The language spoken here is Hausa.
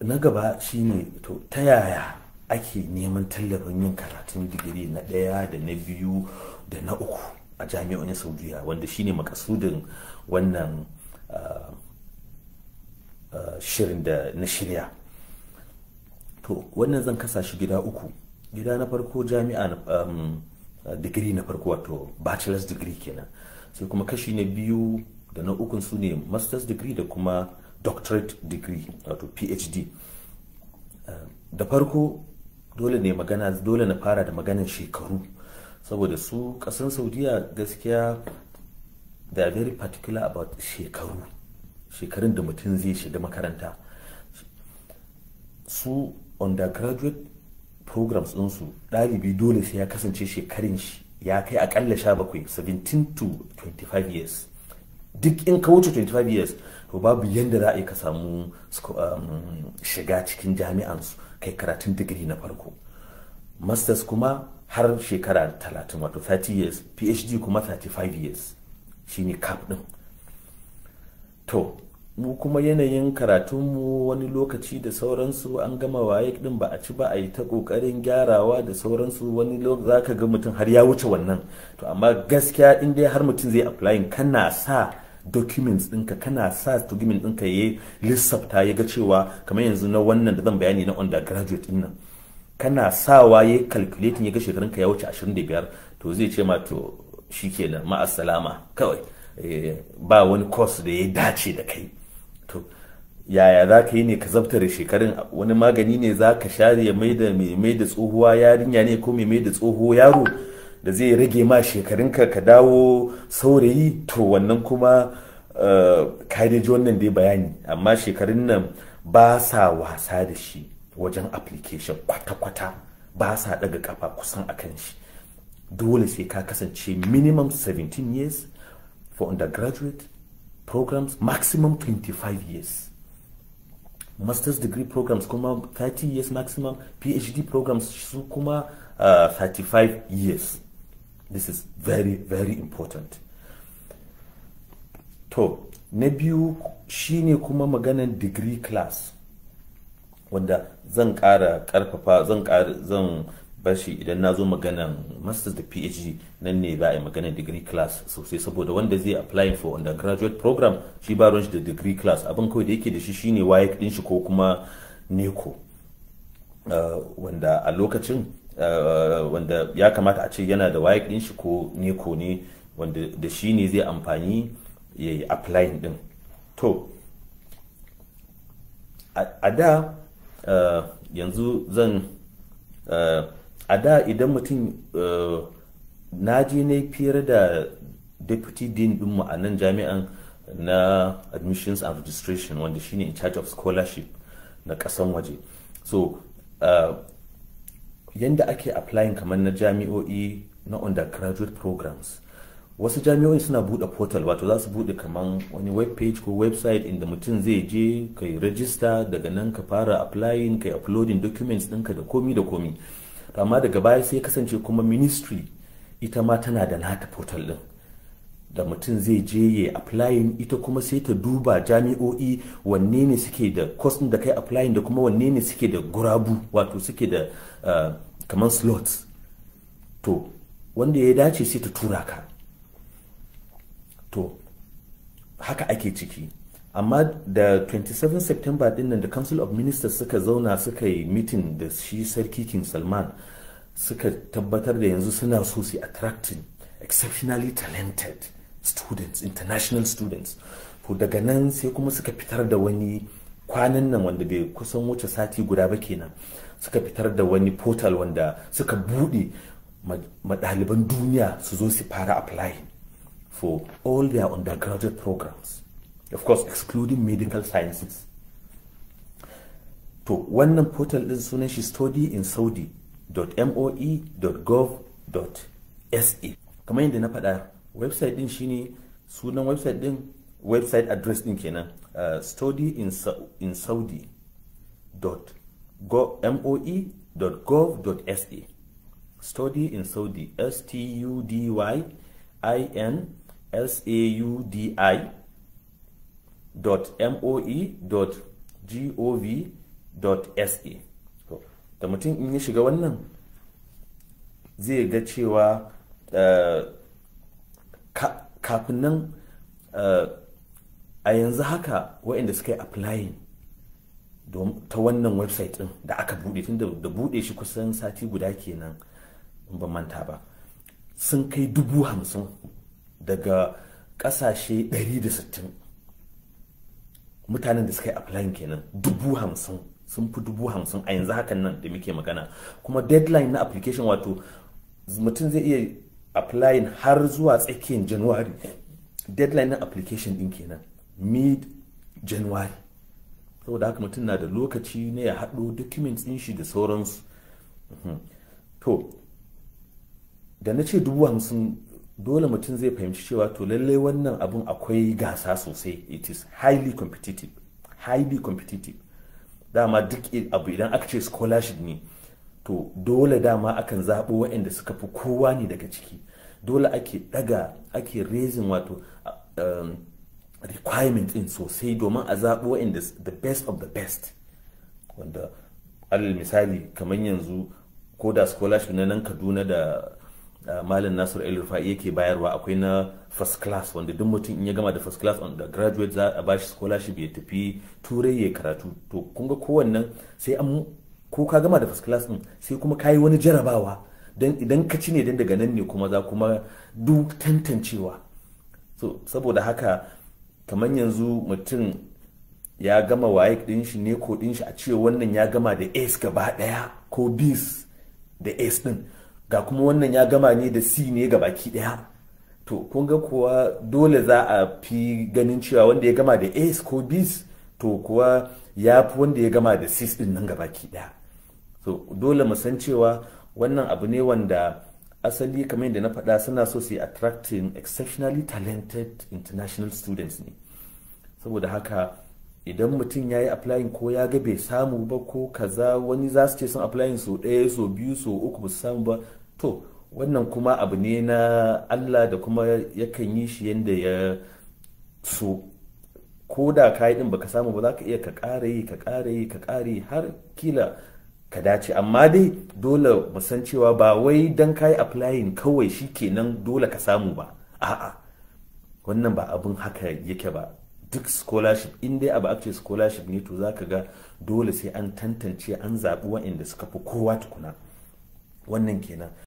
na gaba shine to ta yaya ake neman tallafin yin karatun digiri na ɗaya da na biyu da na uku a jami'o'in saudiya wanda shine makasudin wannan ah, ah, shirin da na shirya to wannan zan kasa shi gida uku gida na farko jami'a um, digiri na farko wato bachelor's degree kenan sai kuma kashi na biyu da na uku su ne master's degree da kuma doctorate degree wato phd eh, da farko dole ne magana dole na fara da maganin shekaru saboda su kasan saudiya gaskiya da are very particular about shekaru shekarun da mutum zai shiga makaranta su undergraduate programs ɗinsu ɗalibi dole sai ya kasance shekarun shi ya kai akalla bakwai 17 to 25 years duk in ka wuce 25 years to babu yadda za a yi ka samu um, shiga cikin jami'ansu kai karatun digiri na farko masters kuma har shekara 30 wato 30 years phd kuma 35 years shine cap din to mu kuma yanayin karatunmu wani lokaci da sauransu an gama waye din ba a ci ba a yi ta kokarin gyarawa da sauransu wani lokaci za ka ga mutum har ya wuce wannan to amma gaskiya in dai har mutum zai applying kana sa documents ɗinka kana sa document ɗinka ya lissafta ya ga cewa kamar yanzu na wannan da zan bayani na undergraduate ɗin nan kana sawa ya calculating ya ga shekarunka ya wuce 25 to zai ce ma to shikenan ma assalama kawai eh, ba wani course da ya dace da kai to yaya za ka yi ne ka da shekarun wani magani ne za ka share mai da mai da tsohuwa yarinya ne ko mai mai da tsoho yaro da zai rage ma shekarunka ka dawo saurayi to wannan kuma eh, kaidaji wannan dai bayani amma shekarun nan ba sa wasa da shi wajen application kwata-kwata ba sa daga kafa kusan a kan shi dole sai ka kasance minimum 17 years for undergraduate programs maximum 25 years master's degree programs kuma 30 years maximum phd programs su kuma uh, eh, 35 years this is very very important to na biyu shi ne kuma maganan degree class wanda zan ƙara ƙarfafa zan zan bashi idan na zo maganan masters da phd nan ne ba a yi maganan degree class sosai saboda wanda zai apply for undergraduate program shi ba ruwan shi da degree class abin kawai da yake da shi shine waye din shi ko kuma neko ah, wanda a lokacin wanda ya kamata a ce yana da wayak ɗin shi ko ne ko ne wanda da shi ne zai amfani ya yi applying din to a da eh, yanzu zan eh, a da idan mutum eh, na je na fiyar da deputy dean ɗinmu a nan jami'an na admissions and registration wanda shine in charge of scholarship na kasan waje so yadda ake applying kamar na jami'o'i na undergraduate programs wasu jami'o'i suna buɗe portal wato za su buɗe kamar wani web page ko website inda mutum zai je ka yi rajista daga nan ka fara applying ka yi uploading documents ɗinka da komi da komi amma daga baya sai kasance kuma ministry ita ma tana da nata portal ɗin da mutum zai je ya applying ita kuma sai ta duba jami'o'i wanne ne suke da course da kai applying da kuma wanne ne suke da gurabu wato suke da uh, kamar slots to wanda ya dace sai ta tura ka to haka ake ciki amma da 27 september din nan da council of ministers suka zauna suka yi meeting da shi sarki king salman suka tabbatar da yanzu suna so su attracting exceptionally talented students international students to daga nan sai kuma suka fitar da wani kwanan nan wanda bai kusan wuce sati guda ba kenan suka fitar da wani portal wanda suka buɗe madaliban duniya su zo su fara apply for all their undergraduate programs of course excluding medical sciences to wannan portal din sunan shi study in saudi.moe.gov.sa kamar yadda na faɗa website din shine sunan website din website address din kenan uh, sa e study in saudi s t u d y i n s a u d i dot moe dot gov dot sa da mutum in ya shiga wannan zai ga cewa uh, kafin nan eh, a yanzu haka waɗanda suka yi applying ta wannan website ɗin da aka buɗe tun da buɗe shi kusan sati guda kenan in ban manta ba sun kai dubu hamsin daga ƙasashe 160 mutanen da suka yi applying kenan dubu hamsin sun fi dubu hamsin a yanzu hakan nan da muke magana kuma deadline na application wato mutum zai iya applying har zuwa tsakiyar january deadline na application din kenan mid january saboda haka mutum na da lokaci na ya haɗo documents din shi da sauransu mhm. to da na ce dubu hamsin dole mutum zai fahimci cewa to lallai wannan abun akwai gasa sosai it is highly competitive highly competitive dama duk abu idan aka ce scholarship ne to dole dama akan zaɓo waɗanda suka fi kowa ne daga ciki dole ake ɗaga ake raising wato um, requirement in sosai domin a zaɓo waɗanda the best of the best wanda alal misali kamar yanzu ko da scholarship na nan kaduna da uh, malam nasir el rufai yake bayarwa akwai na first class wanda duk mutum in ya gama da first class on the graduate za a bashi scholarship ya tafi turai ya karatu to kun ga kowannan sai an ko ka gama da first class din sai kuma ka yi wani jarabawa dan idan ka ci ne dan daga nan ne kuma za kuma duk tantancewa so saboda haka kamar yanzu mutum ya gama waye din shi ne ko din shi a cewa wannan ya gama da ace gaba daya ko bis da ace din ga kuma wannan ya gama ne da c ne ga baki daya to kun ga kuwa dole za a fi ganin cewa wanda ya gama da ace ko bis to kuwa ya fi wanda ya gama da c din nan ki daya so dole mu san cewa wannan abu ne wanda asali kamar yadda na faɗa suna so su yi attracting exceptionally talented international students ne saboda haka idan mutum ya yi applying ko ya ga bai samu ba ko kaza wani za su ce sun applying so ɗaya so biyu so uku ba su samu ba to wannan kuma abu ne na allah da kuma yakan yi shi yadda ya so ko da ka yi ɗin baka samu ba za ka iya ka ƙara yi ka ƙara yi ka ƙara yi har kila ka dace amma dai dole mu san cewa ba wai don dan yi applying kawai shi kenan dole ka samu ba a'a wannan ba abin haka yake ba duk scholarship in dai abu ake scholarship ne to zaka ga dole sai an tantance an zaɓi waɗanda suka fi kowa tukuna wannan kenan